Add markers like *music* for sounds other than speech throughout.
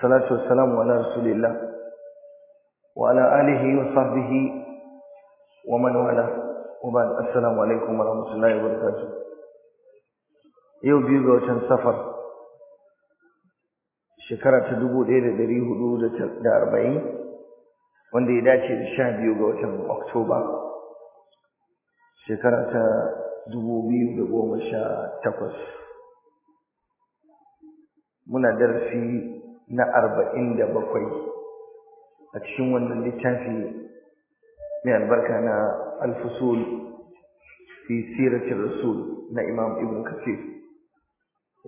salatu wassalamu ala rasulillah wa ala alihi wa sahbihi wa man wala wa ba'd assalamu alaikum wa rahmatullahi wa barakatuh yau biyu ga watan safar shekara ta dubu ɗaya da ɗari hudu da arba'in wanda ya dace da sha biyu ga watan oktoba shekara ta dubu biyu da goma sha takwas muna darasi na arba'in da bakwai a cikin wannan littafi mai albarka na alfusul fi siratin rasul na imam ibn kafir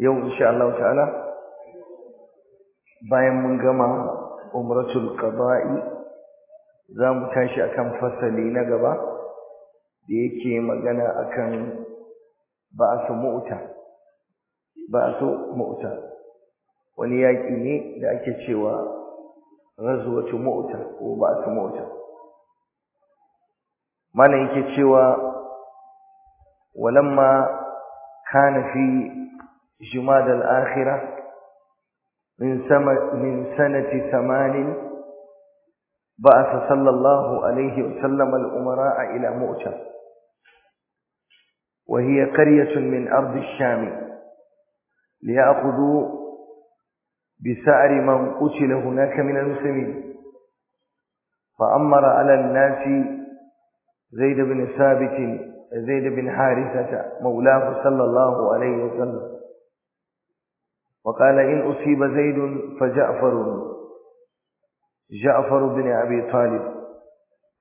yau insha Allah ta'ala bayan mun gama umratul qada'i za mu tashi akan fasali na gaba da yake magana akan ba'su mu'ta su mu'ta wani yaƙi ne da ake cewa ghazwatu mu'ta ko ba'tu mu'ta mana yake cewa walamma kana fi jumad al-akhirah min sama min sanati thamanin ba'atha sallallahu alayhi wa sallam al-umara'a ila mu'ta وهي قرية من أرض الشام ليأخذوا بسعر من قتل هناك من المسلمين فأمر على الناس زيد بن ثابت زيد بن حارثة مولاه صلى الله عليه وسلم وقال إن أصيب زيد فجعفر جعفر بن أبي طالب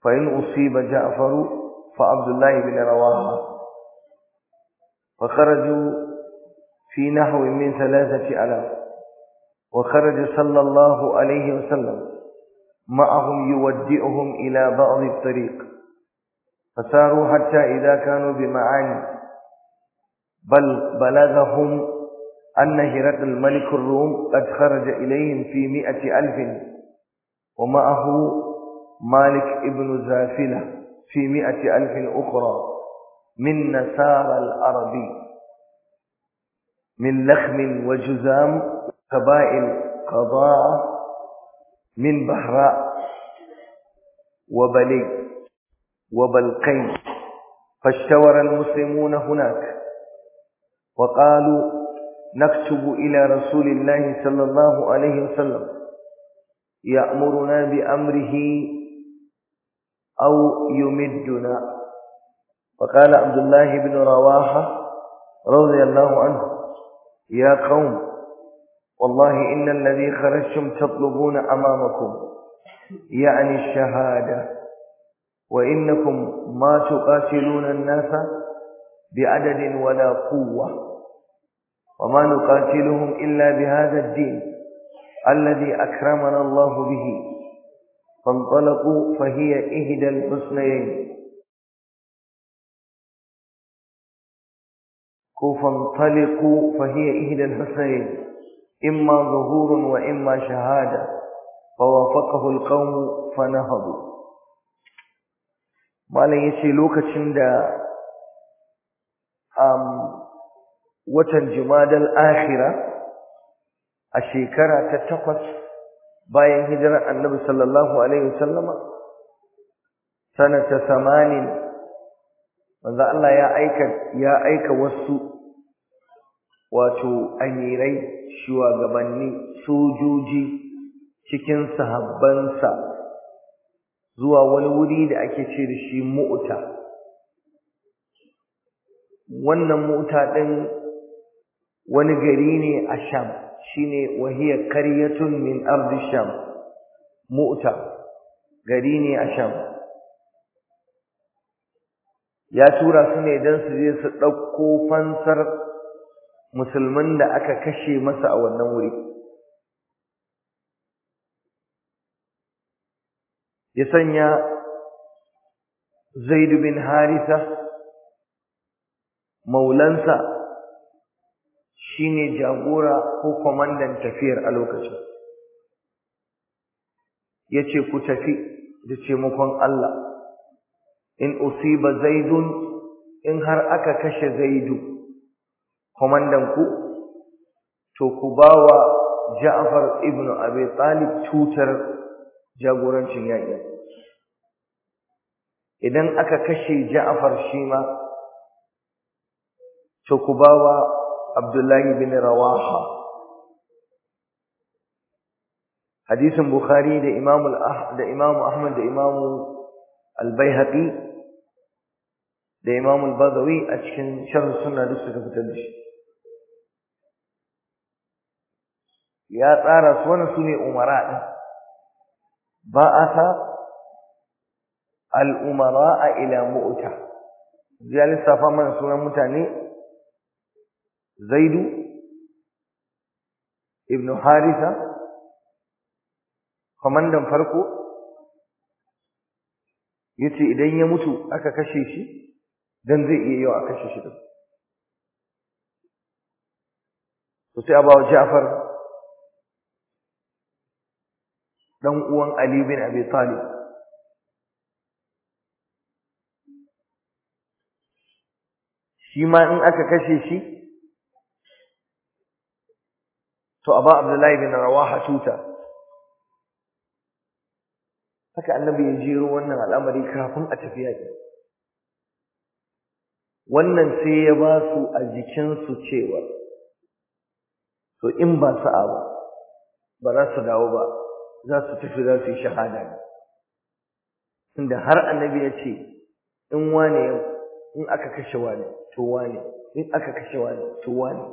فإن أصيب جعفر فعبد الله بن رواحة فخرجوا في نحو من ثلاثة ألاف وخرج صلى الله عليه وسلم معهم يودئهم إلى بعض الطريق فساروا حتى إذا كانوا بمعاني بل بلغهم أن هرقل ملك الروم قد خرج إليهم في مئة ألف ومعه مالك ابن زافلة في مئة ألف أخرى من نسار الأرض من لخم وجزام قبائل قضاء من بحراء وبلي وبلقين فاشتور المسلمون هناك وقالوا نكتب إلى رسول الله صلى الله عليه وسلم يأمرنا بأمره أو يمدنا فقال عبد الله بن رواحة رضي الله عنه يا قوم والله إن الذي خرجتم تطلبون أمامكم يعني الشهادة وإنكم ما تقاتلون الناس بعدد ولا قوة وما نقاتلهم إلا بهذا الدين الذي أكرمنا الله به فانطلقوا فهي إهدى الحسنيين فانطلقوا فهي إهدى الحسنيين إما ظهور وإما شهادة فوافقه القوم فنهضوا malam ya ce lokacin da um watan jumadal akhira a shekara ta takwas bayan hijirar annabi sallallahu alaihi wasallama sanata samanin manzo Allah ya aika wasu wato amirai shugabanni sojoji cikin sahabbansa zuwa wani wuri da ake ce da shi mu'ta wannan mu'ta din wani gari ne a sham shine wahiya karyatun min ardi sham mu'ta gari ne a sham ya tura su ne don su je su ɗauko fansar musulman da aka kashe masa a wannan wuri ya sanya zaid bin harisa maulansa shine jagora ko kwamandan tafiyar a lokacin ya ce ku tafi da taimakon Allah in usiba zaidun in har aka kashe zaidu komandan ku to ku bawa Ja'far ibn Abi Talib tutar jagorancin yaki idan aka kashe Ja'far shi ma to ku bawa Abdullah ibn Rawaha hadisin Bukhari da Imam da Imam Ahmad da Imam Al-Baihaqi da Imam Al-Badawi a cikin sharh sunna da suka fitar da shi ya tsara su wannan sune umara din sa al-umara ila mu'ta ya lissafa mana sunan mutane zaidu ibn haritha Kwamandan farko yace idan ya mutu aka kashe shi dan zai iya yau a kashe shi din to sai abawa Ja'far dan uwan Ali bin Abi Talib shi ma in aka kashe shi to Abu Abdullahi bin Rawaha tuta haka annabi ya jiro wannan al'amari kafin a tafi yaƙi wannan sai ya ba su a jikinsu cewa to in ba sa'a ba ba za su dawo ba za su tafi za su yi shahada ne tunda har annabi ya ce in wane in aka kashe wane to wane in aka kashe wane to wane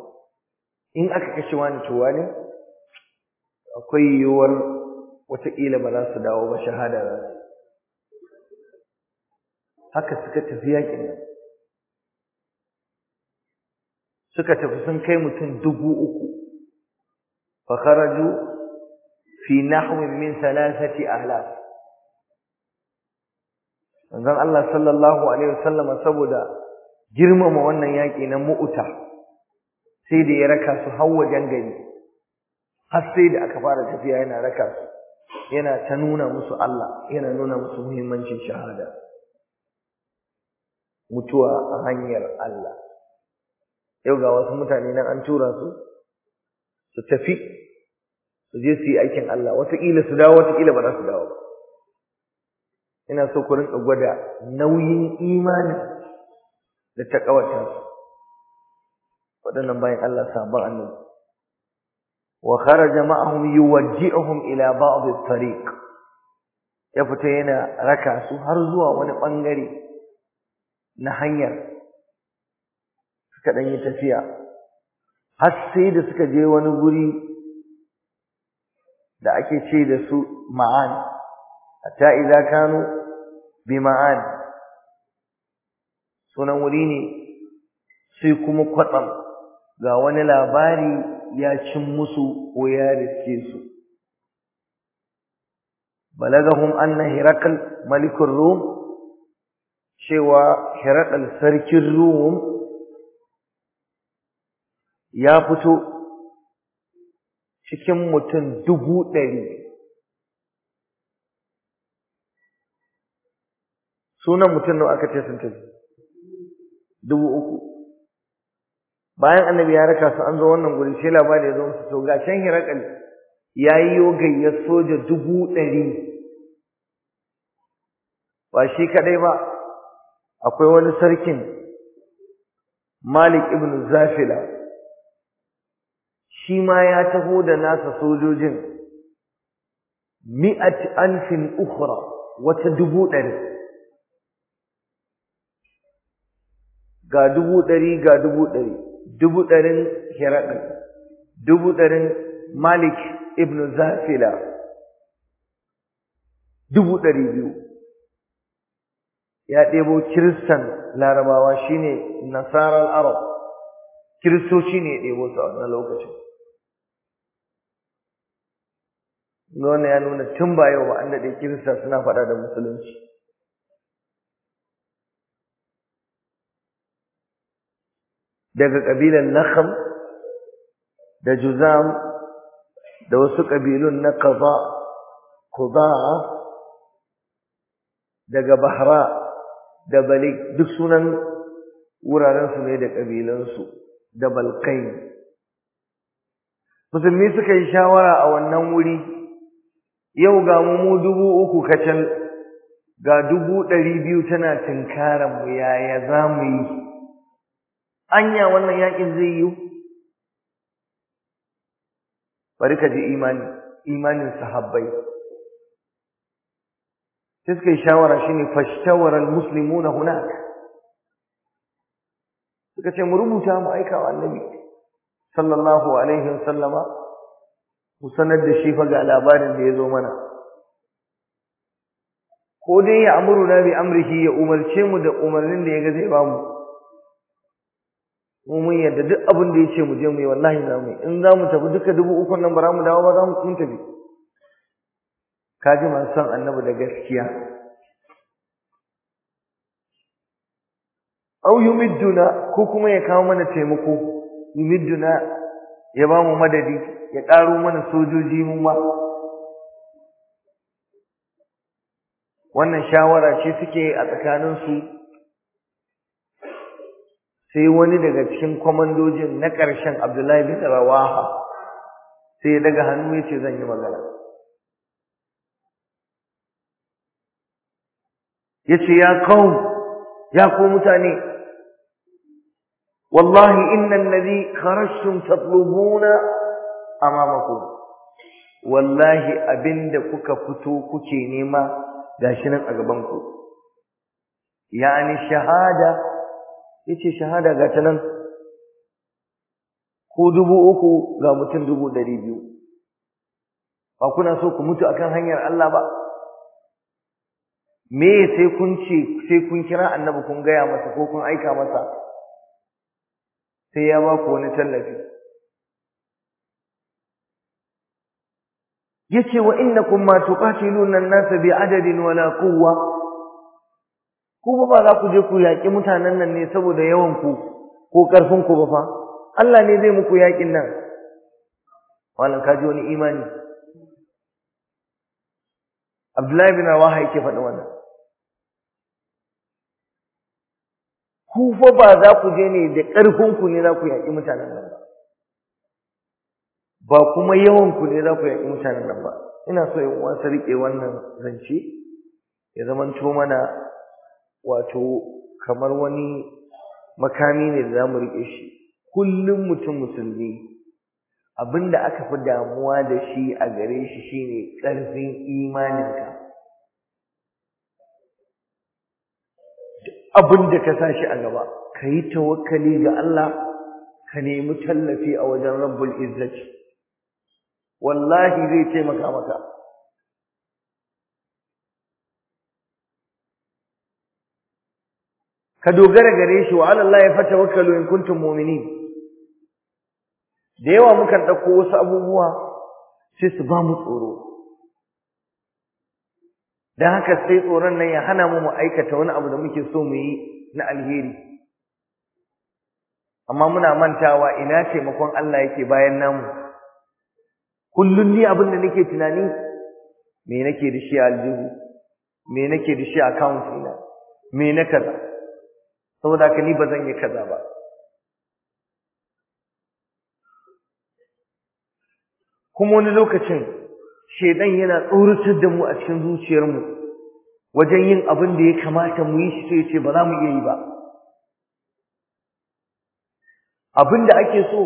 in aka kashe wane to wane akwai yiwuwar wataƙila ba za su dawo ba shahada za su haka suka tafi yaƙin nan suka tafi sun kai mutum dubu uku fa kharaju fi nahwin min thalathati ahlaf manzon Allah sallallahu alaihi wasallam saboda girmama wannan yaki na mu'uta sai da ya raka su har wajen gani, har sai da aka fara tafiya yana raka su yana ta nuna musu Allah yana nuna musu muhimmancin shahada mutuwa a hanyar Allah yau ga wasu mutane nan an tura su su tafi su je su yi aikin Allah wataƙila su dawo wataƙila ba za su dawo ba ina so ku rinka gwada nauyin imani da ta su waɗannan bayan Allah sabon annabi wa kharaja ma'ahum yuwajjihuhum ila ba'd at-tariq ya fita yana raka su har zuwa wani bangare na hanyar suka dan yi tafiya har sai da suka je wani guri da ake ce da su ma'an hatta idza kanu bi ma'an sunan wuri ne sai kuma kwatsam ga wani labari ya cin musu ko ya riske su balagahum anna hirakal malikur rum cewa hirakal sarkin rum ya fito cikin mutum dubu ɗari sunan mutum nawa aka ce sun tafi dubu uku bayan annabi ya raka su an zo wannan guri sai labari ya zo musu to ga can hirakal ya yi yogayyar soja dubu ɗari ba shi kaɗai ba akwai wani sarkin malik ibn zafila shi ma ya taho da nasa sojojin mi'at alfin ukhra wata dubu ɗari ga dubu ɗari ga dubu ɗari dubu ɗarin hirakal dubu ɗarin malik ibn zafila dubu ɗari biyu ya ɗebo kiristan larabawa shine nasarar arab kiristoci ne ya ɗebo su a wannan lokacin wannan ya nuna tun ba yau ba an daɗe kirista suna faɗa da musulunci daga ƙabilan Nakham da Juzam da wasu ƙabilun na kaza kuza daga Bahra da Bali, duk sunan wurarensu ne da ƙabilansu da Balkai musulmi suka yi shawara a wannan wuri yau ga mu mu dubu uku kacal ga dubu ɗari biyu tana tunkaran mu yaya za mu yi anya wannan yakin zai yi bari ka ji imani imanin sahabbai sai suka yi shawara shine musulmi na huna? suka ce mu rubuta mu aika annabi sallallahu alaihi wasallama ku sanar da shi fa ga labarin da ya zo mana ko dai ya amuru na bi amrihi ya umarce mu da umarnin da ya ga zai ba mu mu mun yadda duk abin da ya ce mu je mu yi wallahi za mu yi in za mu tafi duka dubu uku nan ba za mu dawo ba za mu kun tafi ka ji masu son annabi da gaskiya au yumidduna ko kuma ya kawo mana taimako yumidduna ya ba mu madadi ya ƙaro mana sojoji mu ma wannan shawara ce suke a tsakanin su sai wani daga cikin kwamandojin na ƙarshen abdullahi bin rawaha sai ya daga hannu ya ce zan yi magana ya ce ya kawo ya ko mutane والله إن الذي خرجتم تطلبون أمامكم والله أبند كك فتو كتينيما داشنا أقبانكم يعني الشهادة يتي شهادة قاتنا ko dubu uku ga mutum dubu سوك biyu ba kuna so ku mutu akan hanyar Allah ba me sai kun sai kun kira annabi kun gaya masa ko kun aika masa sai ya ba ku wani tallafi yace wa innakum ma tuqatiluna an-nasa bi'adadin wala quwwa ku ba za ku je ku yaki mutanen nan ne saboda yawan ku ko karfin ku ba fa Allah ne zai muku yakin nan wannan kaji wani imani Abdullahi bin Rawaha yake faɗi wannan ku fa ba za ku je ne da ƙarfin ku ne za ku yaƙi mutanen nan ba ba kuma yawan ku ne za ku yaƙi mutanen nan ba ina so in wasa riƙe wannan zance ya zamanto mana wato kamar wani makami ne da za mu riƙe shi kullum mutum musulmi da aka fi damuwa da shi a gare shi shine ƙarfin imaninka abin da ka sashi a gaba ka yi tawakkali ga Allah ka nemi tallafi a wajen rabbul izzati wallahi zai taimaka maka ka dogara gare shi wa Allah ya wakalu in kuntum mu'minin da yawa mukan dauko wasu abubuwa sai su ba mu tsoro don haka sai tsoron nan ya hana mu mu aikata wani abu da muke so mu yi na alheri amma muna mantawa ina taimakon Allah yake bayan namu kullun ni abin da nake tunani me nake da shi aljihu me nake da shi account ina me na kaza saboda ka ni bazan yi kaza ba kuma wani lokacin shedan yana tsoratar da mu a cikin zuciyarmu wajen yin abin da ya kamata mu yi shi sai ce ba za mu iya yi ba abin da ake so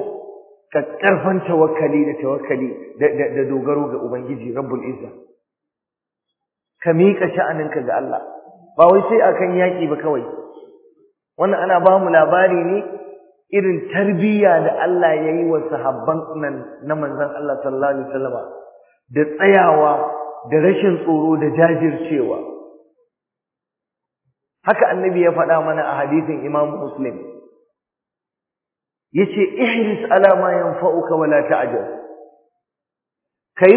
kakkarfan tawakkali da tawakkali da dogaro ga ubangiji rabbul izza ka miƙa sha'aninka ga Allah ba wai sai akan yaƙi ba kawai wannan ana ba mu labari ne irin tarbiyya da Allah ya yi wa sahabban nan na manzon Allah sallallahu alaihi wasallam da tsayawa da rashin tsoro da jajircewa haka annabi ya faɗa mana a hadisin imam muslim Ya yace ihris ala ma yanfa'uka wala ta'jal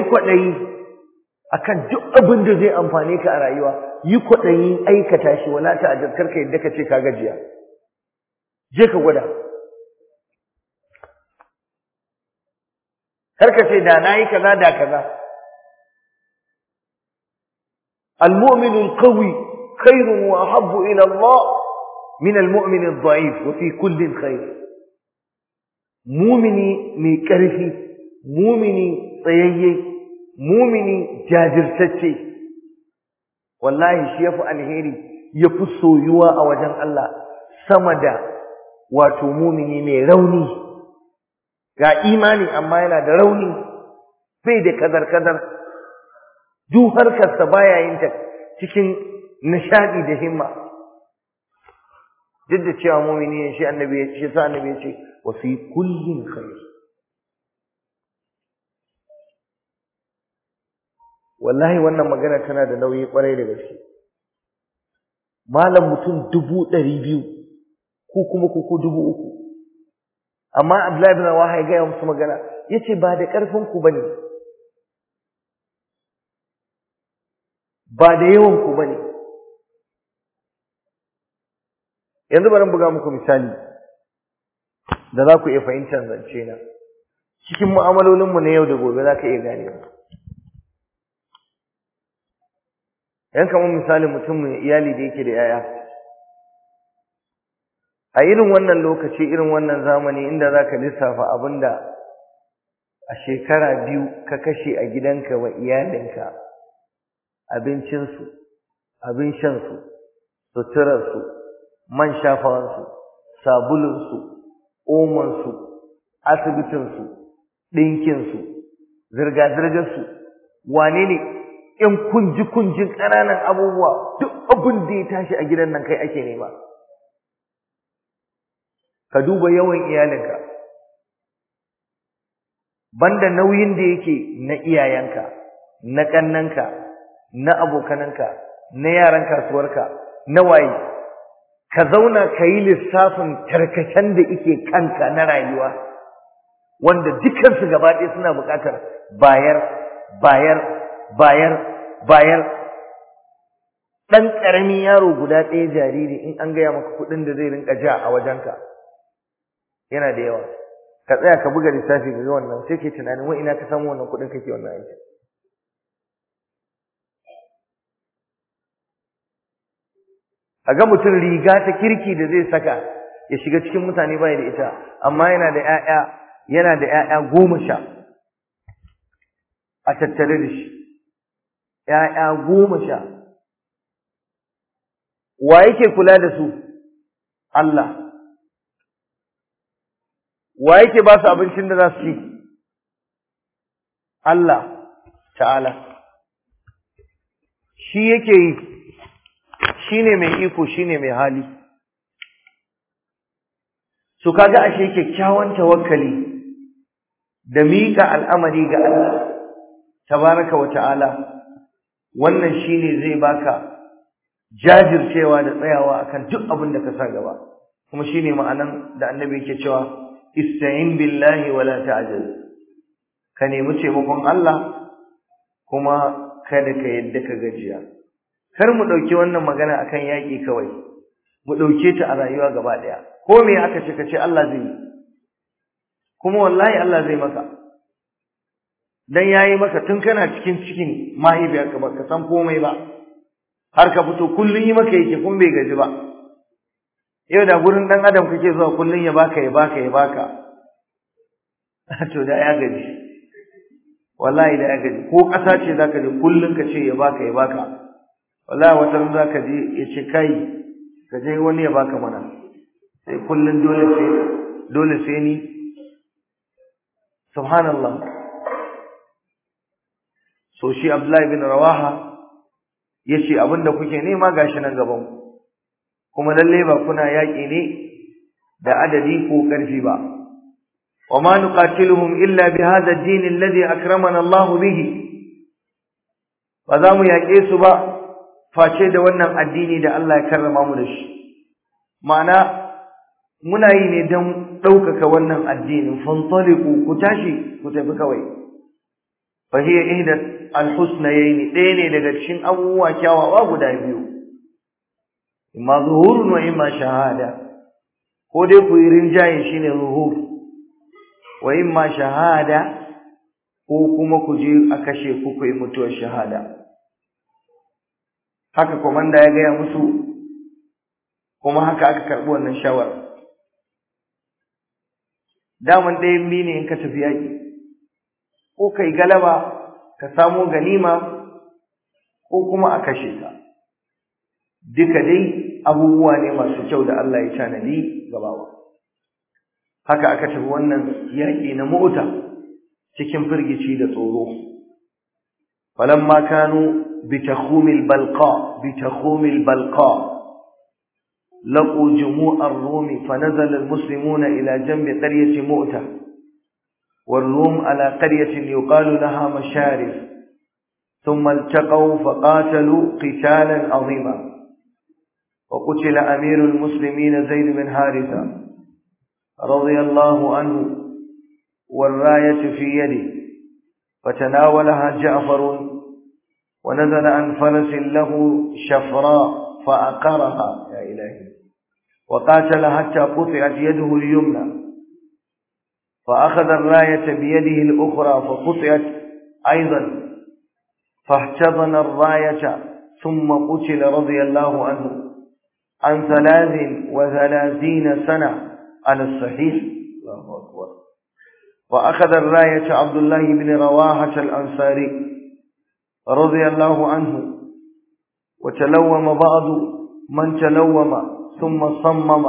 kwaɗayi a akan duk abin da zai amfani ka a rayuwa yi kwaɗayi aikata shi wala ta'jal karka yadda ka ce ka gajiya je ka gwada karka ce da nayi kaza da kaza المؤمن القوي خير وأحب إلى الله من المؤمن الضعيف وفي كل خير مؤمني ميكرفي مؤمني طيي مؤمني جادر تتشي wallahi shi yafi alheri yafi soyuwa a wajen Allah sama da wato mumini mai rauni ga imani amma yana da rauni bai da kazar-kazar duk harkarsa baya yin ta cikin nishadi da himma duk da cewa mumini ne shi annabi ya ce sa annabi ya ce wa fi kullin khair wallahi wannan magana tana da nauyi kwarai da gaske malam mutum dubu ɗari biyu ko kuma ko dubu uku amma Abdullahi ibn Rawaha ya gaya masu magana yace ba da karfin ku bane ba da yawan ku bane yanzu bari buga muku misali da za ku iya fahimtar zance na cikin mu'amalolin mu na yau da gobe za ka iya gane yan kamar misalin mutum mai iyali da yake da yaya a irin wannan lokaci irin wannan zamani inda za ka lissafa abinda a shekara biyu ka kashe a gidanka wa iyalinka abincinsu abin shansu suturarsu man shafawansu sabulunsu omansu asibitinsu ɗinkinsu zirga-zirgarsu wane ne ‘yan kunji-kunjin ƙananan abubuwa duk abin da ya tashi a gidan nan kai ake nema. ka duba yawan iyalinka banda nauyin da yake na iyayenka na kannanka na abokananka na yaran kasuwarka na waye ka zauna ka yi lissafin tarkacen da yake kanka na rayuwa wanda dukansu gaba ɗaya suna buƙatar bayar bayar bayar bayar ɗan ƙaramin yaro guda ɗaya jariri in an gaya maka kuɗin da zai rinka ja a wajenka yana da yawa ka tsaya ka buga lissafi ga wannan sai ke tunanin wai ina ka samu wannan kuɗin kake wannan aiki a ga mutum riga ta kirki da zai saka ya shiga cikin mutane bai da ita amma yana da ƴaƴa yana da ƴaƴa goma sha a tattare da shi ƴaƴa goma sha wa yake kula da su Allah wa yake ba su abincin da za su ci Allah ta'ala shi yake yi shi ne mai iko ne mai hali ka ga ashe kyakkyawan tawakkali da miƙa al'amari ga Allah tabaraka wa ta'ala wannan shi ne zai baka jajircewa da tsayawa akan duk abin da ka sa gaba kuma shi ne ma'anan da annabi yake cewa ista'in billahi wala ta'jaz ka nemi taimakon Allah kuma kada ka yadda ka gajiya kar mu ɗauki wannan magana akan yaki kawai mu ɗauke ta a rayuwa gaba ɗaya ko me aka ce ka ce Allah zai yi kuma wallahi Allah zai maka dan yi maka tun kana cikin cikin mahaifiyarka baka san komai ba har ka fito kullum yi maka yake kun bai gaji ba yau da gurin dan adam kake zuwa kullun ya baka ya baka ya baka *laughs* to da ya gaji wallahi da ya gaji ko kasa ce zaka ji kullun ka ce ya baka ya baka wallahi wata ran zaka ji ya ce kai ka je wani ya baka mana sai kullun dole sai dole sai ni subhanallah so shi abdullahi bin rawaha yace abinda kuke nema gashi nan gaban ku kuma lalle ba kuna yaƙi ne da adadi ko ƙarfi ba wa ma nuqatiluhum illa bi hadha ad-din alladhi akramana Allah bihi ba za mu yaƙe su ba face da wannan addini da Allah ya karrama mu da shi ma'ana muna yi ne don ɗaukaka wannan addinin fantaliku ku tashi ku tafi kawai fa hiya ihdat al-husnayn ɗaya ne daga cikin abubuwa kyawawa guda biyu imma zuhurun wa imma shahada ko dai ku yi rinjaye shine zuhur wa imma shahada ko kuma ku je a kashe ku ku mutuwar shahada haka komanda ya gaya musu kuma haka aka karɓi wannan shawara daman ɗayan biyu ne in ka tafi yaƙi ko kai galaba ka samo ganima ko kuma a kashe ka duka dai abubuwa ne masu kyau da Allah ya tanadi gabawa haka aka tafi wannan yaki na mota cikin firgici da tsoro falamma kanu bi takhumil balqa bi takhumil balqa laqu لقوا جموع الروم فنزل المسلمون إلى جنب قرية مؤتة والروم على قرية يقال لها مشارف ثم التقوا فقاتلوا قتالا عظيما وقتل أمير المسلمين زيد بن حارثة رضي الله عنه والراية في يده فتناولها جعفر ونزل عن فرس له شفراء فأقرها يا إلهي وقاتل حتى قطعت يده اليمنى فأخذ الراية بيده الأخرى فقطعت أيضا فاحتضن الراية ثم قتل رضي الله عنه عن ثلاث وثلاثين سنة على الصحيح الله أكبر وأخذ الراية عبد الله بن رواحة الأنصاري رضي الله عنه وتلوم بعض من تلوم ثم صمم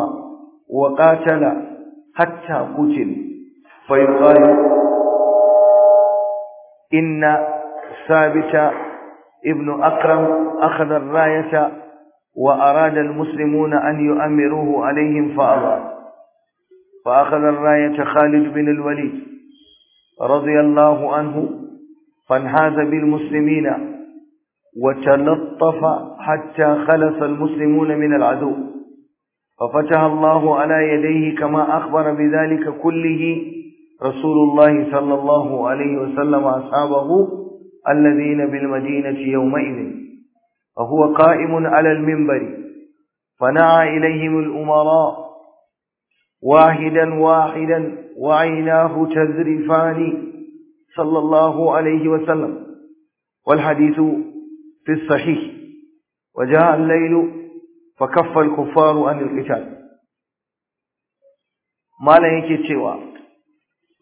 وقاتل حتى قتل فيقال إن ثابت ابن أكرم أخذ الراية وأراد المسلمون أن يؤمروه عليهم فأضع فأخذ الراية خالد بن الوليد رضي الله عنه فانحاز بالمسلمين وتلطف حتى خلص المسلمون من العدو ففتح الله على يديه كما أخبر بذلك كله رسول الله صلى الله عليه وسلم أصحابه الذين بالمدينة يومئذ وهو قائم على المنبر فنعى إليهم الأمراء واحدا واحدا وعيناه تذرفان صلى الله عليه وسلم والحديث في الصحيح وجاء الليل فكف الكفار عن القتال ما لا cewa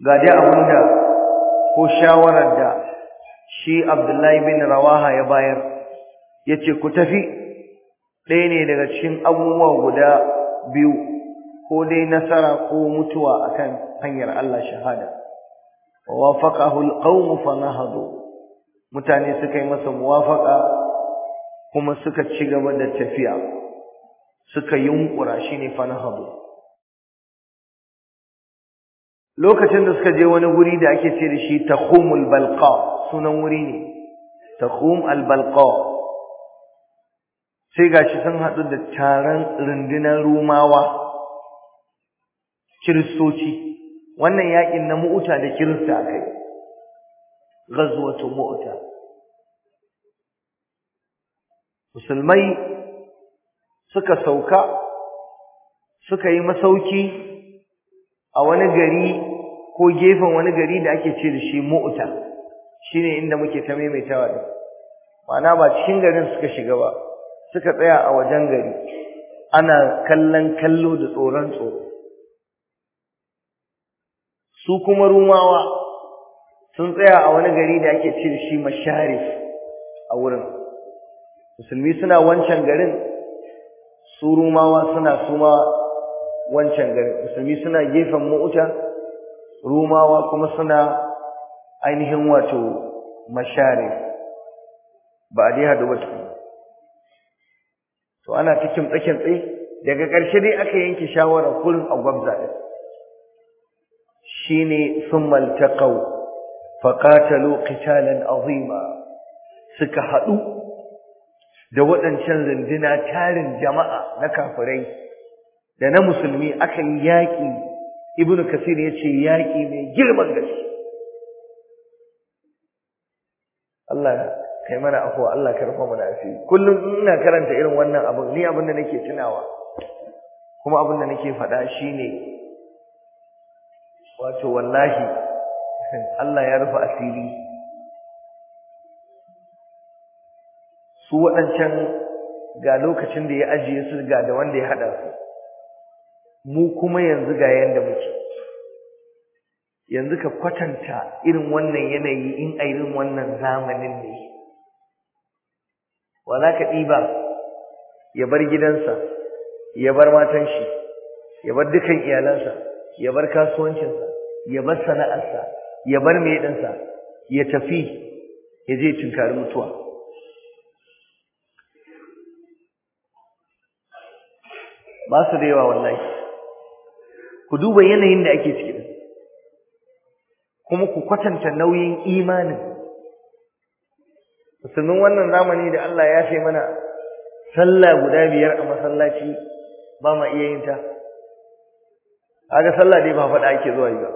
ga dai abinda ko shawarar عبد الله بن رواها يباير yace ku tafi ɗaya ne daga cikin abubuwa guda biyu ko dai nasara ko mutuwa akan hanyar Allah shahada wafaqahu alqawm fa nahadu mutane suka yi masa muwafaqa kuma suka ci gaba da tafiya suka yunkura shine fa nahadu lokacin da suka je wani wuri da ake ce da shi takhumul balqa sunan wuri ne takhum al sai ga shi sun haɗu da taron rundunar rumawa kiristoci wannan yakin na mu'uta da kirista akai ghazwatu mu'uta musulmai suka sauka suka yi masauki a wani gari ko gefen wani gari da ake ce da shi mu'uta shine inda muke ta maimaitawa din ma'ana ba cikin garin suka shiga ba suka tsaya a wajen gari ana kallon kallo da tsoron tsoro su kuma rumawa sun tsaya a wani gari da ake da shi mashari a wurin musulmi suna wancan garin su rumawa suna suma wancan garin musulmi suna gefen ma'uta rumawa kuma suna ainihin wato mashari ba a dai haɗu ba to ana ta kimtsa kimtsi daga ƙarshe dai aka yanke shawarar kurin a gwamza ɗin shine summa ƙau faqatalu qitalan azima suka haɗu da waɗancan runduna tarin jama'a na kafirai da na musulmi aka yi yaƙi Ibn kasir ya ce yaƙi mai girman gaske kai mana afo Allah ka rufa mana asiri kullum ina karanta irin wannan abin ni abin da nake tunawa kuma abin da nake faɗa shine wato wallahi *laughs* Allah ya rufa asiri su waɗancan ga lokacin da ya ajiye su ga da wanda ya haɗa su mu kuma yanzu ga yanda muke yanzu ka kwatanta irin wannan yanayi in a irin wannan zamanin ne wa za ka ɗiba ya bar gidansa ya bar matan shi ya bar dukan iyalansa ya bar kasuwancinsa ya bar sana'arsa ya bar meɗinsa, ya tafi ya je tunkari mutuwa ba su da yawa wallahi ku duba yanayin da ake ciki kuma ku kwatanta nauyin imanin musulmin wannan zamani da Allah ya ce mana sallah guda biyar a masallaci ba ma iya yin ta kaga sallah dai ba faɗa ake zuwa yi ba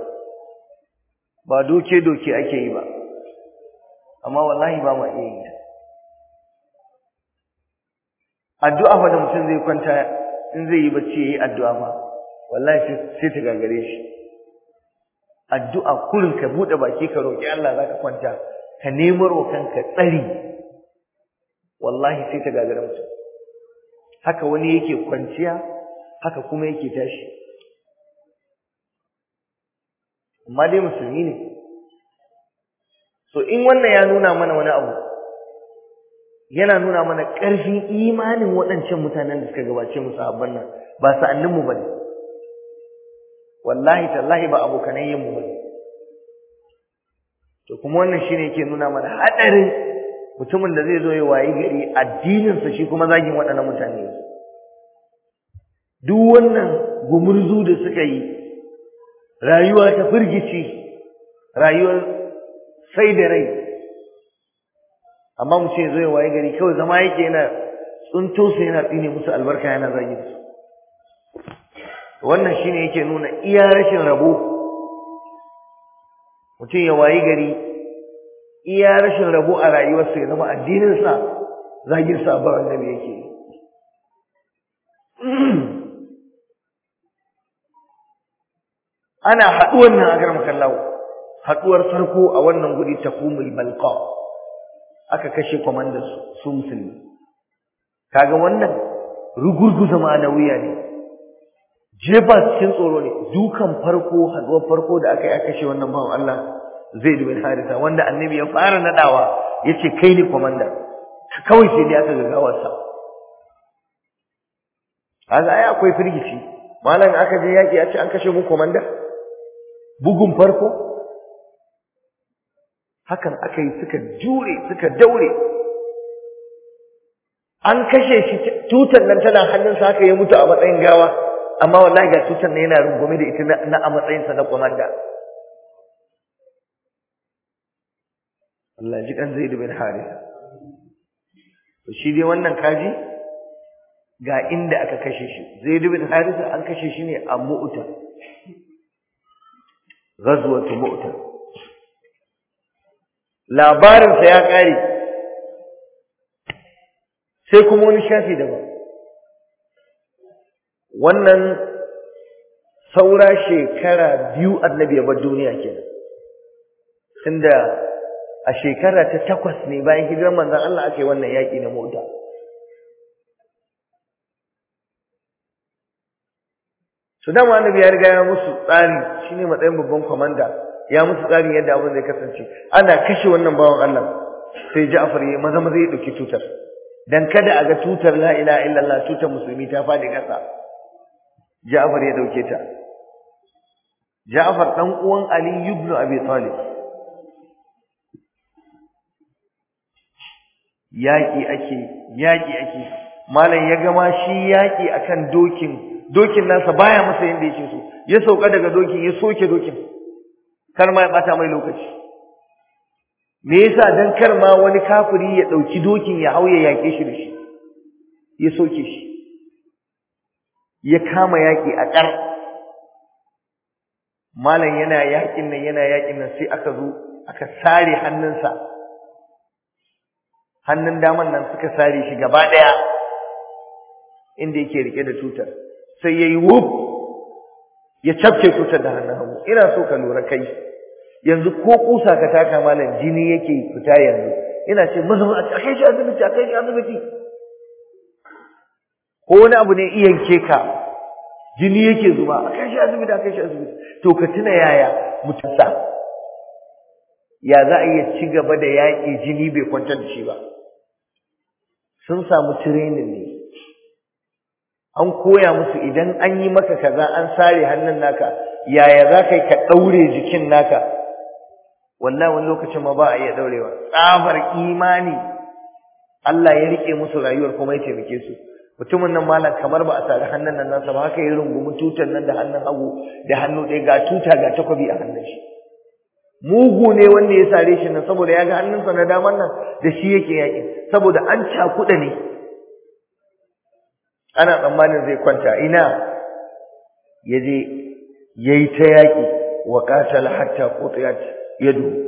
ba doke doke ake yi ba amma wallahi ba ma iya yin ta addu'a fa da mutum zai kwanta in zai yi bacci yayi addu'a fa wallahi sai ta gagare shi addu'a kurin ka bude baki ka roki Allah zaka kwanta ka nemar wa kanka tsari wallahi sai ta gagara mutum haka wani yake kwanciya haka kuma yake tashi amma dai musulmi ne so in wannan ya nuna mana wani abu yana nuna mana ƙarfin imanin waɗancan mutanen da suka gabace mu abin nan ba sa'annin mu ba ne. wallahi tallahi ba abokanan yin mu ne. to kuma wannan shine yake nuna mana hadarin mutumin da zai zo ya wayi gari addininsa shi kuma zagin waɗannan mutane duk wannan gumurzu da suka yi rayuwa ta firgici rayuwa sai da rai amma mu ce zo wayi gari kawai zama yake yana tsunto sai yana tsine musu albarka yana zagin su wannan shine yake nuna iya rashin rabo mutum ya wayi gari iya rashin rabo a rayuwarsa ya zama addininsa zagin sabon annabi yake ana haɗuwar nan a garma haɗuwar farko a wannan guri ta kumul balka aka kashe kwamandan su musulmi kaga wannan na wuya ne jefa cikin tsoro ne dukan farko haduwar farko da aka yi aka ce wannan bawan Allah Zaid bin Harisa wanda annabi ya fara nadawa yace kai ne commander kawai sai dai aka ga gawarsa kaga ai akwai firgici malam aka je yaki a ce an kashe mu commander bugun farko hakan aka yi suka jure suka daure an kashe shi tutar nan tana hannunsa haka ya mutu a matsayin gawa amma wallahi ga tutar ne yana rungume da ita na a matsayinsa na komanda Allah ji kan zai bin Haritha to shi dai wannan kaji ga inda aka kashe shi zai bin Haritha an kashe shi ne a Mu'ta ghazwatu Mu'ta labarin sa ya kare sai kuma wani shafi daban wannan saura shekara biyu annabi ya bar duniya ke tunda a shekara ta takwas ne bayan hijirar manzon Allah aka yi wannan yaƙi na mota su dama annabi ya riga ya musu tsari shi ne matsayin babban kwamanda ya musu tsarin yadda abin zai kasance ana kashe wannan bawan Allah sai Ja'far ya maza maza ya ɗauki tutar dan kada a ga tutar la ilaha illallah tutar musulmi ta fadi ƙasa. Ja'far ya dauke ta Ja'far dan uwan Ali ibn Abi Talib yaki ake yaki ake malam ya gama shi yaki akan dokin dokin nasa baya masa yanda yake so ya sauka daga dokin ya soke dokin kar ma ya bata mai lokaci me yasa dan kar ma wani kafiri ya dauki dokin ya hauye yake shi da shi ya soke shi ya kama yaki a ƙar malam yana yakin nan yana yakin nan sai aka zo aka sare hannunsa hannun daman nan suka sare shi gaba ɗaya inda yake riƙe da tutar sai yayi wuf ya cafke tutar da hannun hagu ina so ka lura kai yanzu ko ƙusa ka taka malam jini yake fita yanzu ina ce mazan a kai shi asibiti a kai shi asibiti ko wani abu ne iyanke ka jini yake zuba a kai shi asibiti a kai shi asibiti to ka tuna yaya mutunsa ya za a iya ci gaba da yaƙi jini bai kwantar da shi ba sun samu tirenin ne an koya musu idan an yi maka kaza an sare hannun naka yaya za ka yi ka ɗaure jikin naka wallahi wani lokacin ma ba a iya ɗaurewa tsabar imani Allah ya rike musu rayuwar kuma ya taimake su mutumin nan malam kamar ba a sari hannun nan nasa ba haka yi rungumi tutar nan da hannun hagu da hannu ɗaya ga tuta ga takwabi a hannun shi mugu ne wanda ya sare shi nan saboda ya ga hannunsa na damar nan da shi yake yaƙi saboda an cakuɗa ne ana tsammanin zai kwanta ina ya je ya yi ta yaƙi wa ƙatal hatta ko yadu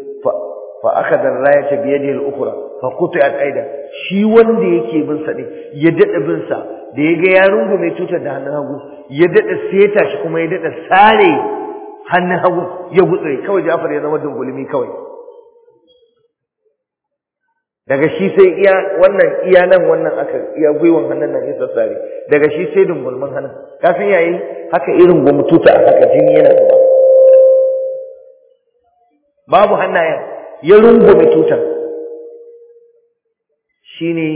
fa akhadha ta rayata da yadihi al-ukhra fa quti'at aidan shi wanda yake bin sa ne ya daɗa bin sa da ga ya mai tutar da hannun hagu ya daɗa seta shi kuma ya daɗa sare hannun hagu ya gutsure kawai Ja'far ya zama dungulmi kawai daga shi sai iya wannan iya nan wannan aka iya gwiwan hannun nan ya sassare daga shi sai dungulmin hannun kafin yayi haka irin a haka jini yana zuwa babu hannayen ya rungume tutar ne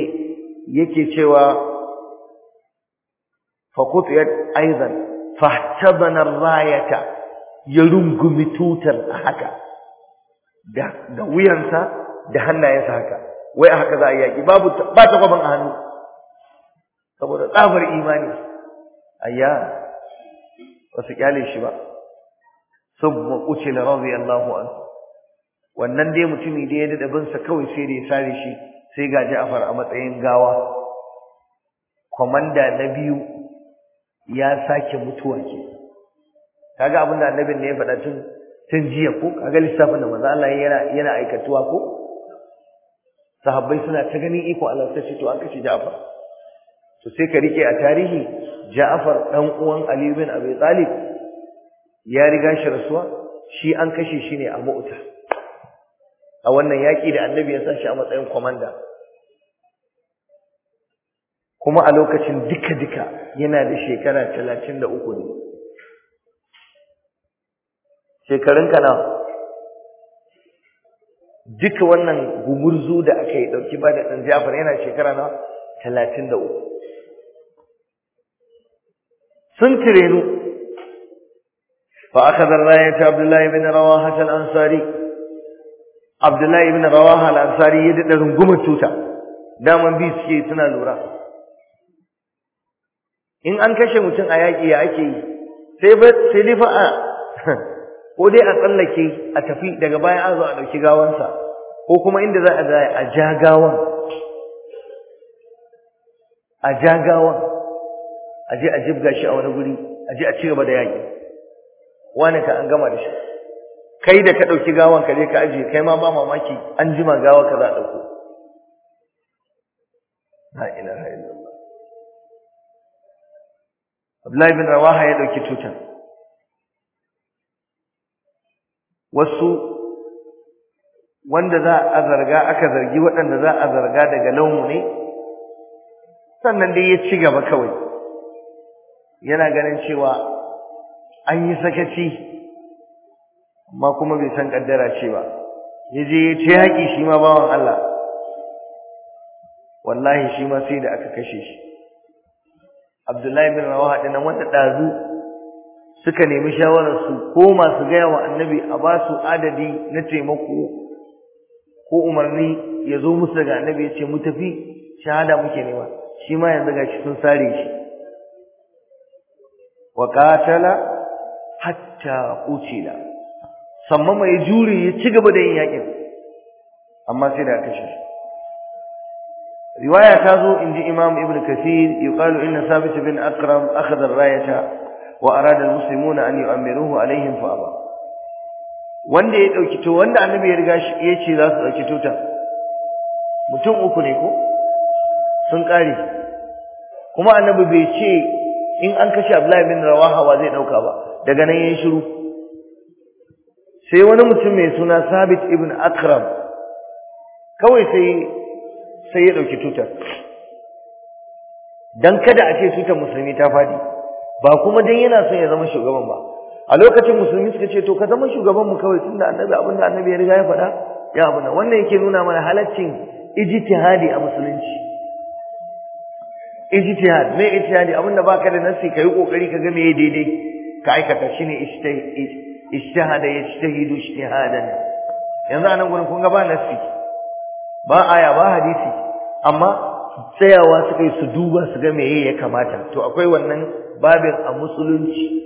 yake cewa faqutiyat aidan fahtabana bana rayata ya rungumi tutar haka da wuyansa da hannayensa haka wai a haka za a yaki babu ba ta kwaban hannu saboda tsafar imani ayya wasu kyale shi ba sun maƙuci na radiyallahu anhu wannan dai mutumi da ya dada binsa kawai sai da ya sare shi sai ga Ja'far a matsayin gawa komanda na biyu ya sake mutuwa ke kaga abin da annabin ne ya faɗa tun tun jiya ko kaga lissafin da manzo Allah yana yana aikatuwa ko sahabbai suna ta ganin iko Allah sai ce to an kace Ja'far to sai ka rike a tarihi Ja'far dan uwan Ali bin Abi Talib ya riga shi rasuwa shi an kashe shi ne a Mu'tah a wannan yaƙi da annabi ya sa shi a matsayin kwamanda kuma a lokacin duka-duka yana da shekara talatin da uku ne shekarunka na duka wannan gumurzu da aka yi ɗauki ba da ɗan jafar yana shekara na talatin da uku sun tirenu fa aka zarra ya ta abdullahi bin rawa hasan ansari abdullahi ibn Rawah al-ansari ya dada rungumar tuta daman bi suke suna lura in an kashe mutum a yaƙi ya ake yi sai ba sai lifa a *laughs* ko dai a tsallake a tafi daga bayan an zo a ɗauki gawansa ko kuma inda za a zaya a ja gawan a ja gawan a je a jibga shi a wani guri a je a ci gaba da yaƙi wani ka an gama da shi kai da ka ɗauki gawan ka je ka ajiye kai ma ba mamaki an jima gawa ka za a ɗauko la ilaha illallah Abdullahi bin Rawaha ya ɗauki tutan wasu wanda za a zarga aka zargi waɗanda za a zarga daga launu ne sannan dai ya ci gaba kawai yana ganin cewa an yi sakaci amma kuma bai san kaddara ce ba yaje ya ce haƙi shi ma bawan Allah wallahi shi ma sai da aka kashe shi Abdullahi bin Rawaha dinan wanda dazu suka nemi shawarar su ko masu gaya wa annabi a ba su adadi na taimako ko umarni ya zo musu daga annabi ya ce mu tafi shahada muke nema shi ma yanzu gashi sun sare shi wa qatala hatta qutila sanma mai jure ya ci gaba da yin yaƙin. amma sai da aka kashe shi riwaya ta zo inji imam ibn kathir yuqalu inna sabit bin akram akhadha ar-rayata wa arada al-muslimuna an yu'ammiruhu alaihim fa aba wanda ya dauki to wanda annabi ya riga shi yace za su dauki tuta mutum uku ne ko sun kare kuma annabi bai ce in an kashe Abdullahi bin Rawaha wa zai dauka ba daga nan yayin shiru sai wani mutum mai suna sabit ibn akram kawai sai sai ya ɗauki tutar don kada a ce tutar musulmi ta faɗi ba kuma don yana son ya zama shugaban ba a lokacin musulmi suka ce to ka zama shugaban mu kawai tunda annabi abin da annabi ya riga ya faɗa ya abu wannan yake nuna mana halaccin ijtihadi a musulunci ijtihad me ijtihadi abinda baka da nasi kai kokari ka ga me daidai ka aikata shine ijtahada yajtahidu ishtihadan yanzu anan gurin kun ga ba nasi ba aya ba hadisi amma tsayawa suka yi su duba su ga meye ya kamata to akwai wannan babin a musulunci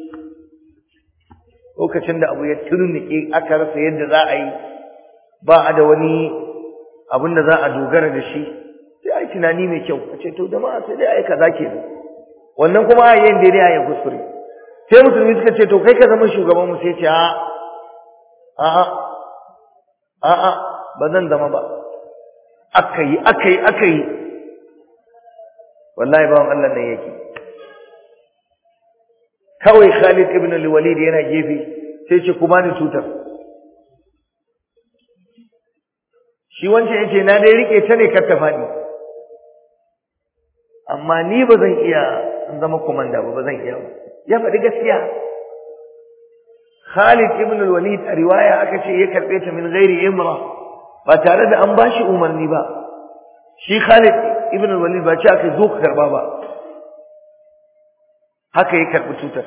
lokacin da abu ya turnike aka rasa yadda za a yi ba a da wani abin da za a dogara da shi sai a yi tunani mai kyau a ce to jama'a sai dai a yi kaza ke wannan kuma a yi daidai a yi kuskure sai musulmi suka ce to kai ka zama shugaban mu sai ce a a a a ba zan zama ba aka yi aka yi aka yi wallahi bawan Allah nan yake kawai Khalid ibn al-Walid yana gefe sai ce kuma ni tutar shi wancan yace na dai rike ta ne kar ta fadi amma ni ba zan iya zama komanda ba ba zan iya ba ya faɗi gaskiya Khalid ibn al-Walid a riwaya aka ce ya karɓe ta min ghairi imra ba tare da an bashi umarni ba shi Khalid ibn al-Walid ba ce aka zo ka karba ba haka ya karɓi tutar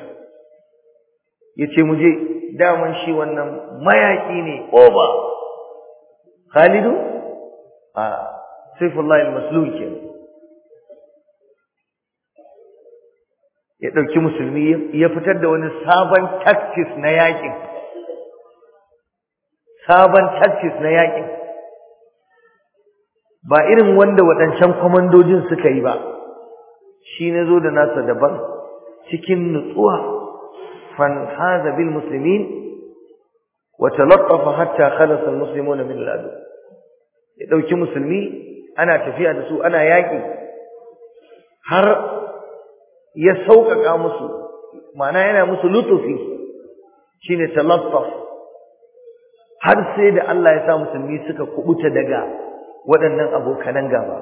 ya ce mu je daman shi wannan mayaƙi ne oba Khalidu a Saifullah al-Maslul ya ɗauki musulmi ya fitar da wani sabon taktis na yakin, sabon taktis na yaƙin ba irin wanda waɗancan kwamandojin suka yi ba shi na zo da nasa daban cikin nutsuwa fanhaza bil musulmin wata talaffafa hatta khalasa al muslimuna min ya ɗauki musulmi ana tafiya da su ana yaƙi har ya sauƙaƙa musu ma'ana yana musu lutufi shine talaffuf har sai da Allah ya sa musulmi suka kubuta daga waɗannan abokanan gaba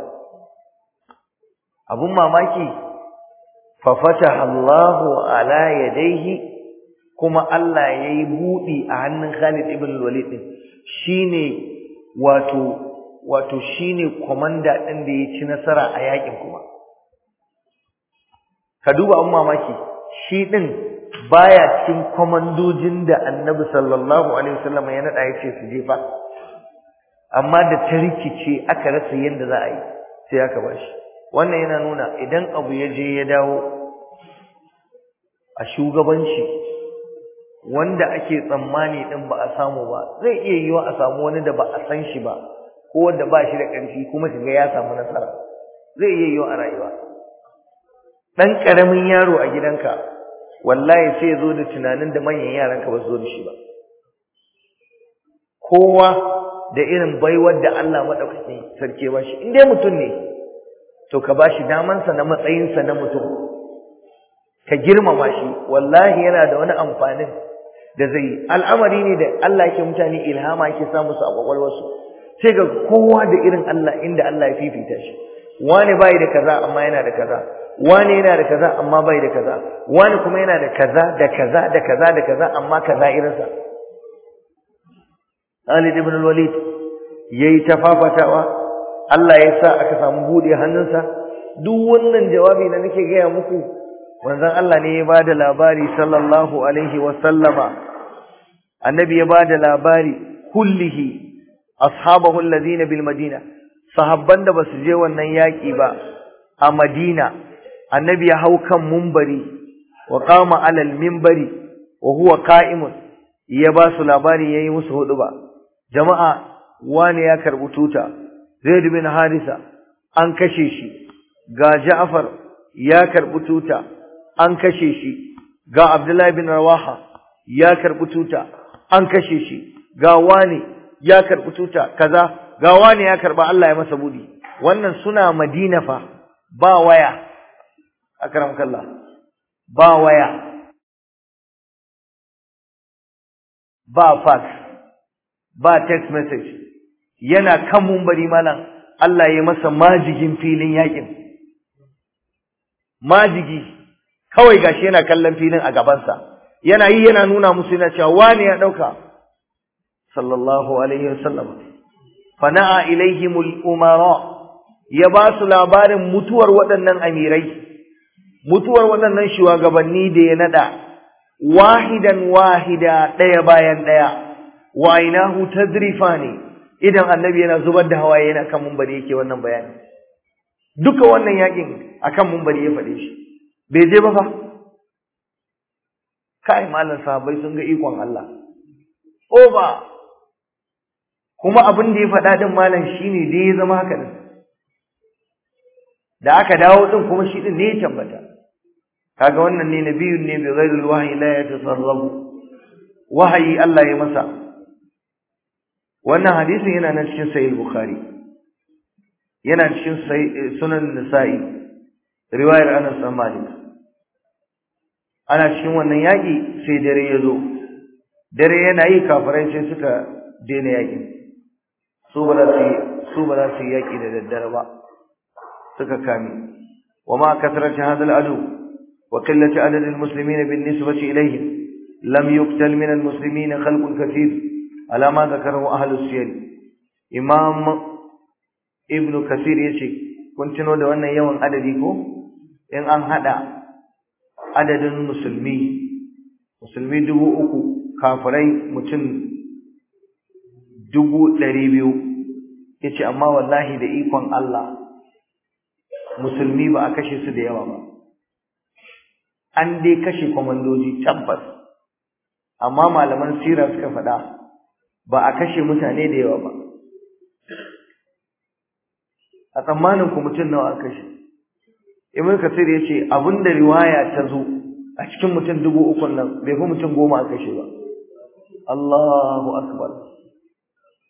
abun mamaki fafata Allah Allahu ala yadaihi kuma Allah ya yi buɗi a hannun Khalid ibn Walid ɗin, ne wato wato ne kwamanda ɗin da ya ci nasara a yaƙin kuma ka duba an mamaki shi ɗin baya cikin komandojin da annabi sallallahu alaihi wasallam ya nada yace su jefa amma da ta rikice aka rasa yadda za a yi sai aka bashi wannan yana nuna idan abu ya je ya dawo a shugabanci wanda ake tsammani ɗin ba a samu ba zai iya yiwa a samu wani da ba a san shi ba ko wanda ba shi da ƙarfi kuma ga ya samu nasara zai iya yiwa a rayuwa dan karamin yaro a gidanka wallahi sai zo da tunanin da manyan yaranka ba su zo da shi ba kowa da irin baiwar da Allah madaukakin sarki ba shi in mutum ne to ka bashi daman sa na matsayin sa na mutum ka girmama shi wallahi yana da wani amfani da zai yi al'amari ne da Allah yake mutane ilhama yake sa musu a kwakwalwarsu sai ga kowa da irin Allah inda Allah ya fifita shi wani bai da kaza amma yana da kaza wani yana da kaza amma bai da kaza wani kuma yana da kaza da kaza da kaza da kaza amma kaza irinsa Ali ibn al-Walid yayi tafafatawa Allah ya sa aka samu bude hannunsa duk wannan jawabi da nake gaya muku Wanzan Allah ne ya bada labari sallallahu alaihi wa sallama annabi ya bada labari kullihi ashabahu alladhina bil madina sahabban da basu je wannan yaki ba a Madina annabi ya hau kan mumbari wa qama alal mimbari wa huwa qa'imun ya ba su labari yayi musu huduba jama'a wani ya karbi tuta zaid bin harisa an kashe shi ga ja'far ya karbi tuta an kashe shi ga abdullahi bin rawaha ya karbi tuta an kashe shi ga wani ya karbi tuta kaza ga wani ya karba Allah ya masa budi wannan suna madina fa ba waya akram kallah ba waya ba fax ba text message yana kan mumbari malam Allah ya masa majigin filin yakin majigi kawai gashi yana kallon filin a gabansa yana yi yana nuna musu yana cewa wani ya dauka sallallahu alaihi wasallam fana'a ilaihimul umara ya ba su labarin mutuwar waɗannan amirai mutuwar waɗannan shugabanni da ya naɗa wahidan wahida ɗaya bayan ɗaya wa ainahu ne idan annabi yana zubar da hawaye yana kan mumbari yake wannan bayani duka wannan yakin akan mumbari ya faɗe shi bai je ba fa kai malam sahabbai sun ga ikon Allah over kuma abin da ya faɗa din malam shine dai ya zama haka din da aka dawo din kuma shi din ne ya tambata kaga wannan ne nabiyun ne bi ghairil wahyi la yatasarrafu wahayi Allah ya masa wannan hadisin yana nan cikin sahih bukhari yana cikin eh, sunan nisa'i riwayar Anas bin Malik ana cikin wannan yaki sai dare ya zo dare yana yi kafirai sai suka daina yaki su ba za su su ba yaki da daddare ba suka kame wa ma kasrata hadal adu وكلة عدد المسلمين بالنسبة إليهم لم يقتل من المسلمين خلق كثير على ما ذكره أهل السير إمام ابن كثير يشي كنت نود أن يوم عدده إن أن هذا عدد المسلمين مسلمي دبو أكو kafirai متن دبو لريبيو يشي أما والله amma الله مسلمي بأكشي سديا وما an dai kashe kwamandoji tabbas amma malaman sira suka faɗa ba a kashe mutane da yawa ba a tsammanin ku mutum nawa aka kashe ibn Katsir ya ce abinda riwaya ta zo a cikin mutum dubu ukun nan bai fi mutum goma aka kashe ba Allahu akbar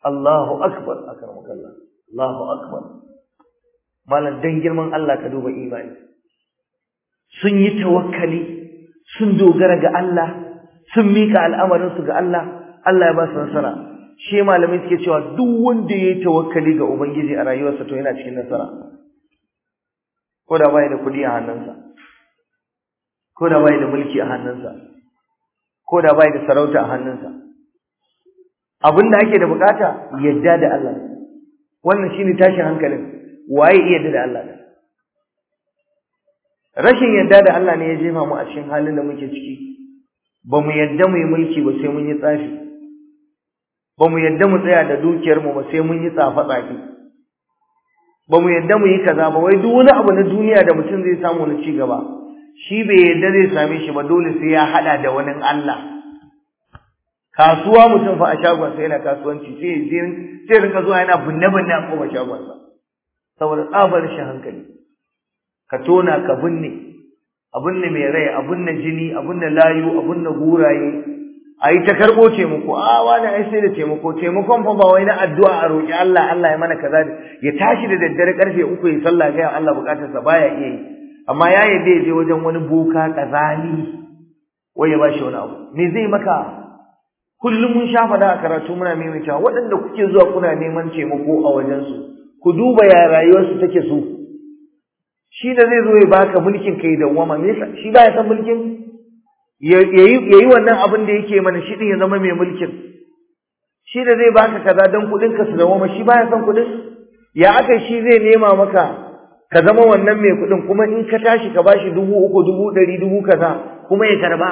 Allahu akbar akar mukalla Allahu akbar malam dan girman Allah ka duba imani sun yi tawakkali sun dogara ga Allah sun mika al'amarinsu ga Allah Allah ya ba su nasara shi malamai suke cewa duk wanda ya yi tawakkali ga ubangiji a rayuwarsa to yana cikin nasara ko da bai da kuɗi a hannunsa ko da bai da mulki a hannunsa ko da bai da sarauta a hannunsa abin da ake da bukata yadda da Allah wannan shine tashin hankalin waye iya yadda da Allah rashin yadda da Allah ne ya jefa mu a cikin halin da muke ciki ba mu yadda mu yi mulki ba sai mun yi tsafi ba mu yadda mu tsaya da dukiyar mu ba sai mun yi tsafa tsafi ba mu yadda mu yi kaza ba wai duk wani abu na duniya da mutum zai samu na ci gaba shi bai yadda zai same shi ba dole sai ya haɗa da wani Allah kasuwa mutum fa a shagonsa yana kasuwanci sai sai rinka zuwa yana binne binne a kofar shagonsa saboda tsabar shi hankali ka tona ka binne ne mai rai abinne jini abinne layu abinne guraye ayi ta karbo ce muku a wani ai sai da taimako taimakon fa ba wai na addu'a a roki Allah Allah ya mana kaza ya tashi da daddare karfe uku ya sallah ga Allah bukatarsa baya iya yi amma ya yaje je wajen wani boka kazali waye ba shi wani abu me zai maka kullum mun sha fada a karatu muna cewa waɗanda kuke zuwa kuna neman taimako a wajen su ku duba ya rayuwarsu take so shi da zai zo ya baka mulkin kai da wama me yasa shi baya san mulkin Ya yi wannan abin da yake mana shi din ya zama mai mulkin shi da zai baka kaza dan kudin ka su da wama shi baya san kudin ya aka shi zai nema maka ka zama wannan mai kudin kuma in ka tashi ka bashi dubu uku dubu ɗari dubu kaza kuma ya karba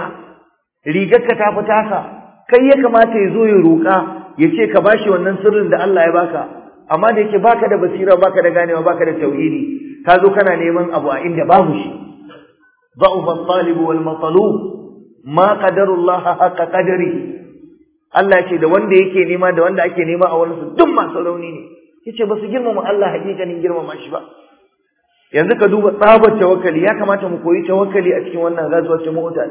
rigar ka ta fi tasa kai ya kamata ya zo ya roƙa ya ce ka bashi wannan sirrin da Allah ya baka amma da yake baka da basira baka da ganewa baka da tauhidi ka zo kana neman abu a inda babu shi ضعف الطالب والمطلوب ما قدر الله haqa qadari Allah ce da wanda yake nema da wanda ake nema a su duk masu rauni ne yace ba su girmama Allah hakikanin girmama shi ba yanzu ka duba tsabar tawakkali ya kamata mu koyi tawakkali a cikin wannan gazuwar ta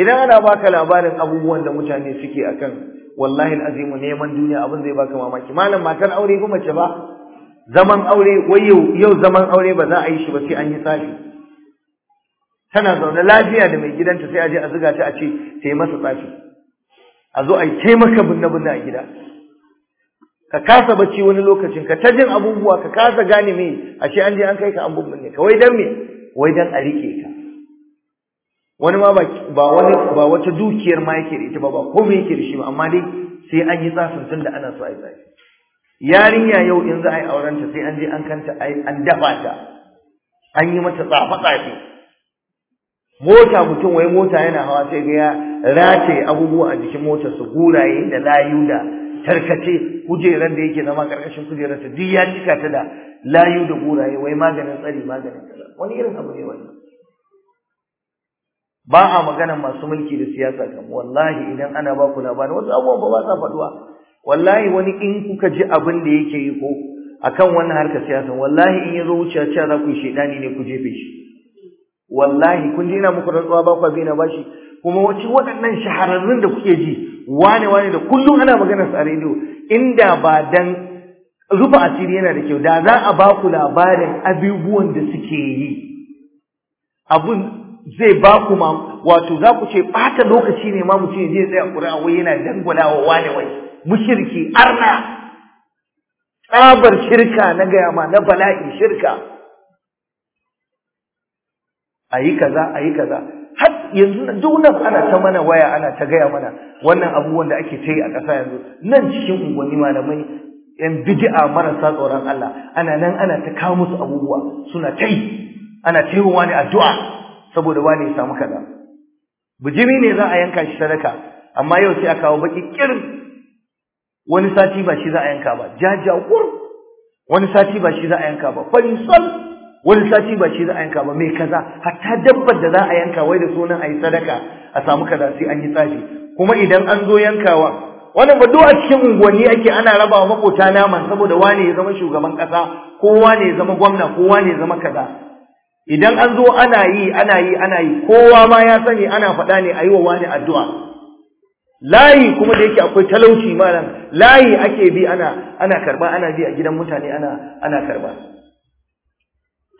idan ana baka labarin abubuwan da mutane suke akan wallahi azimu neman duniya abin zai baka mamaki malam matar aure ba mace ba zaman aure wai yau zaman aure ba za a yi shi ba sai an yi sashi tana zaune lafiya da mai gidanta sai a je a zuga ta a ce ta yi masa tsafi a zo a yi taimaka binne binne a gida ka kasa bacci wani lokacin ka ta jin abubuwa ka kasa gane me a ce an je an kai ka an ne. ka wai dan me wai dan a rike ka wani ma ba wani ba wata dukiyar ma yake da ita ba ba komai yake da shi ba amma dai sai an yi tsafin tunda ana so a yi tsafi yarinya yau in za a yi aurenta sai an je an kanta an dafa ta an yi mata tsafe-tsafe mota mutum wai mota yana hawa sai ga ya rataye abubuwa a jikin motar su guraye da layu da tarkace kujerar da yake zama karkashin kujerar ta duk ya cika ta da layu da guraye wai maganin tsari maganin tsari wani irin abu ne wani. ba a magana masu mulki da siyasa kan wallahi idan ana ba ku labarin wasu abubuwan ba ba sa faduwa wallahi wani in kuka ji abin da yake yi ko akan wannan harkar siyasa wallahi in yazo wuciya cewa za ku yi shedani ne ku jefe shi wallahi kun ji muku rantsuwa ba ku bina bashi kuma wace waɗannan shahararrun da kuke ji wane wane da kullum ana maganar sa a rediyo inda ba dan rufe asiri yana da kyau da za a ba ku labarin abubuwan da suke yi abun zai ba ku ma wato za ku ce ɓata lokaci ne ma mutum ya je tsaya a wai yana wa wane wai Mushirki, arna tsabar shirka na gaya ma na bala'i shirka ayi kaza ayi kaza har yanzu na nan ana ta mana waya ana ta gaya mana wannan abubuwan da ake ta yi a ƙasa yanzu nan cikin unguwanni malamai yan bid'a marasa tsoron Allah ana nan ana ta kawo musu abubuwa suna ta yi ana ta yi wani addu'a saboda wani ya samu kaza bujimi ne za a yanka shi sadaka amma yau sai a kawo baki kirin wani sati ba shi za a yanka ba jajawur wani sati ba shi za a yanka ba farisal wani sati ba shi za a yanka ba mai kaza hatta dabbar da za a yanka wai da sunan ayi sadaka a samu kaza sai an yi tsaji kuma idan an zo yankawa wannan ba duk a cikin unguwanni ake ana raba wa makota nama saboda wane ya zama shugaban kasa ko wane ya zama gwamna ko wane ya zama kaza idan an zo ana yi ana yi ana yi kowa ma ya sani ana faɗa ne a yi wa wani addu'a layi kuma da yake akwai talauci malam layi ake bi ana ana karba ana bi a gidan mutane ana ana karba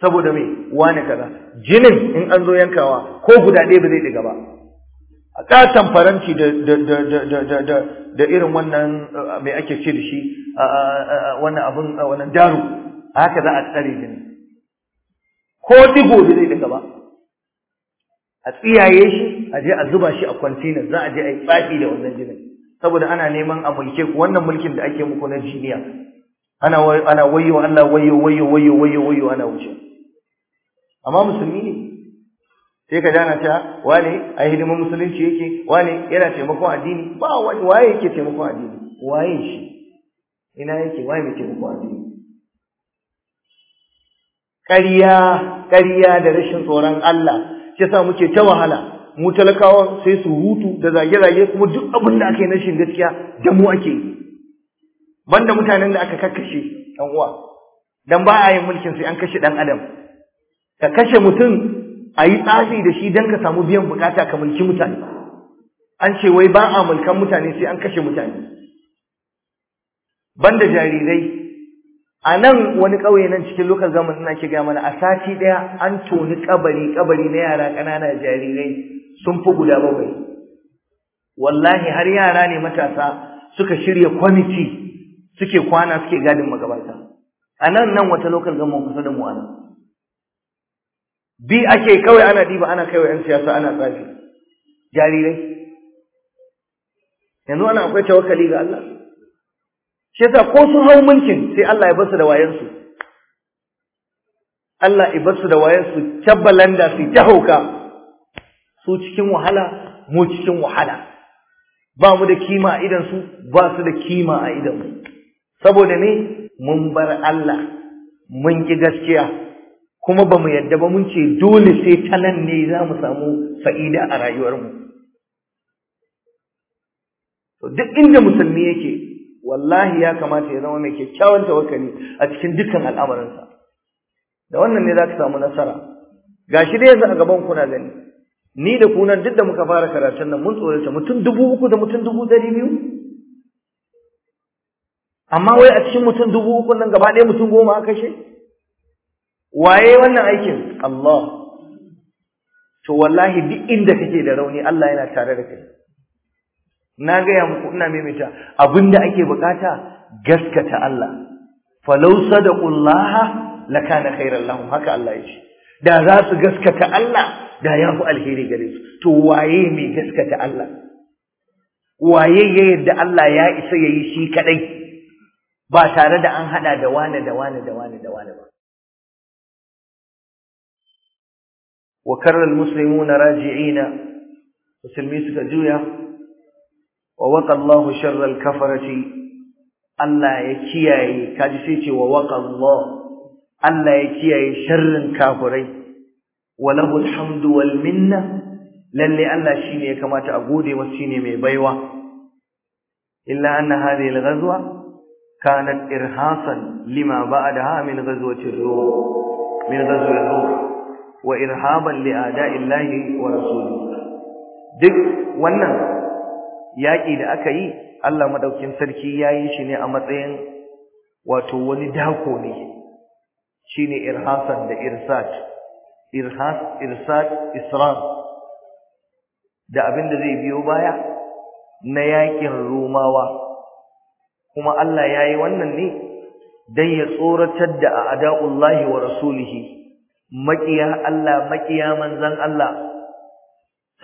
saboda me wani kaza jinin in an zo yankawa ko guda ɗaya ba zai diga ba a katon faranti da irin wannan uh, mai ake ce da shi wannan abin wannan daru haka za a tsare jini ko digo zai diga ba a tsiyaye shi a je a zuba shi a container za a je a yi tsaki da wannan jinin saboda ana neman a mulke ku wannan mulkin da ake muku na jiniya ana ana wayo Allah wayo wayo wayo wayo wayo ana wuce amma musulmi ne sai ka dana ta wane ai hidimin musulunci yake wane yana taimakon addini ba wani waye yake taimakon addini waye shi ina yake waye mai taimakon addini ƙarya ƙarya da rashin tsoron Allah shi sa muke ta wahala mu talakawa sai su hutu da zage-zage kuma duk abin da aka yi na shi gaskiya da mu ake banda mutanen da aka kakkashe ɗan uwa dan ba a yin mulkin sai an kashe ɗan adam ka kashe mutum a yi tsafi da shi don ka samu biyan bukata ka mulki mutane an ce wai ba a mulkan mutane sai an kashe mutane banda jarirai a nan wani ƙauye nan cikin lokal zaman na ke mana a sati ɗaya an toni ƙabari ƙabari na yara ƙanana jarirai sun fi guda bakwai wallahi har yara ne matasa suka shirya kwamiti suke kwana suke gadin magabata a nan nan wata lokal gama kusa da mu bi ake kawai ana diba ana kawai 'yan siyasa ana tsafi jarirai yanzu ana akwai tawakkali ga Allah shi yasa ko sun hau mulkin sai Allah ya basu da wayansu Allah ya basu da wayansu tabbalanda su ta hauka su cikin wahala mu cikin wahala ba mu da kima a idan su ba su da kima a idan mu saboda ne mun bar Allah mun ki gaskiya kuma ba mu yadda ba mun ce dole sai ta nan ne za mu samu fa'ida a rayuwarmu duk inda musulmi yake wallahi ya kamata ya zama mai kyakkyawan tawakkali a cikin dukkan al'amuransa. da wannan ne za ka samu nasara gashi dai yanzu a gaban kuna gani ni da kunan duk da muka fara karatun nan mun tsorata mutum dubu uku da mutum dubu ɗari biyu amma wai a cikin mutum dubu uku nan gaba ɗaya mutum goma aka kashe waye wannan aikin Allah to wallahi duk inda kake da rauni Allah yana tare da kai na gaya muku ina maimaita abinda ake bukata gaskata Allah falau sadaqullaha lakana khairan lahum haka Allah ya ce da za su gaskata Allah da ya fi alheri gare su to waye mai gaskata Allah waye ya yadda Allah ya isa yayi shi kadai ba tare da an hada da wane da wane da wane da wane ba wa karra almuslimuna raji'ina musulmi suka juya wa waqa Allahu sharra alkafarati Allah ya kiyaye kaji sai ce wa waqa Allah Allah ya kiyaye sharrin kafirai walahu alhamdu wal minna lalle Allah shine ya kamata a gode masa shine mai baiwa illa anna hadhihi alghazwa kanat irhasan lima ba'daha min ghazwati ar-rum min ghazwati ar-rum wa irhaban li a'da'i llahi wa rasulihi duk wannan yaki da aka yi Allah madaukin sarki yayi shi ne a matsayin wato wani dako ne shine irhasan da irsad irhas irsad israr da abin da zai biyo baya na yakin rumawa kuma Allah yayi wannan ne dan ya tsoratar da a'da'ullahi wa rasulihi makiya Allah makiya manzan Allah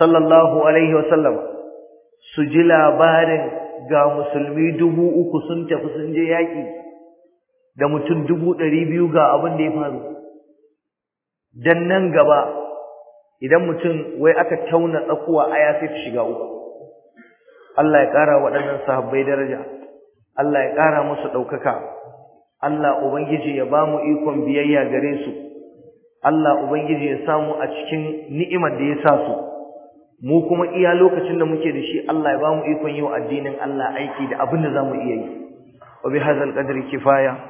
sallallahu alaihi sallam. su ji labarin ga musulmi dubu uku sun tafi sun je yaki da mutum dubu ɗari biyu ga abin da ya faru Don nan gaba idan mutum wai aka tauna tsakuwa aya sai shiga uku Allah ya ƙara waɗannan sahabbai daraja Allah ya ƙara musu ɗaukaka Allah ubangiji ya ba mu ikon biyayya gare su Allah ubangiji ya samu a cikin ni'imar da ya sa su mu kuma iya lokacin da muke da shi Allah ya ba mu ikon yi wa addinin Allah aiki da abin da za mu iya yi wa bi hadzal qadri kifaya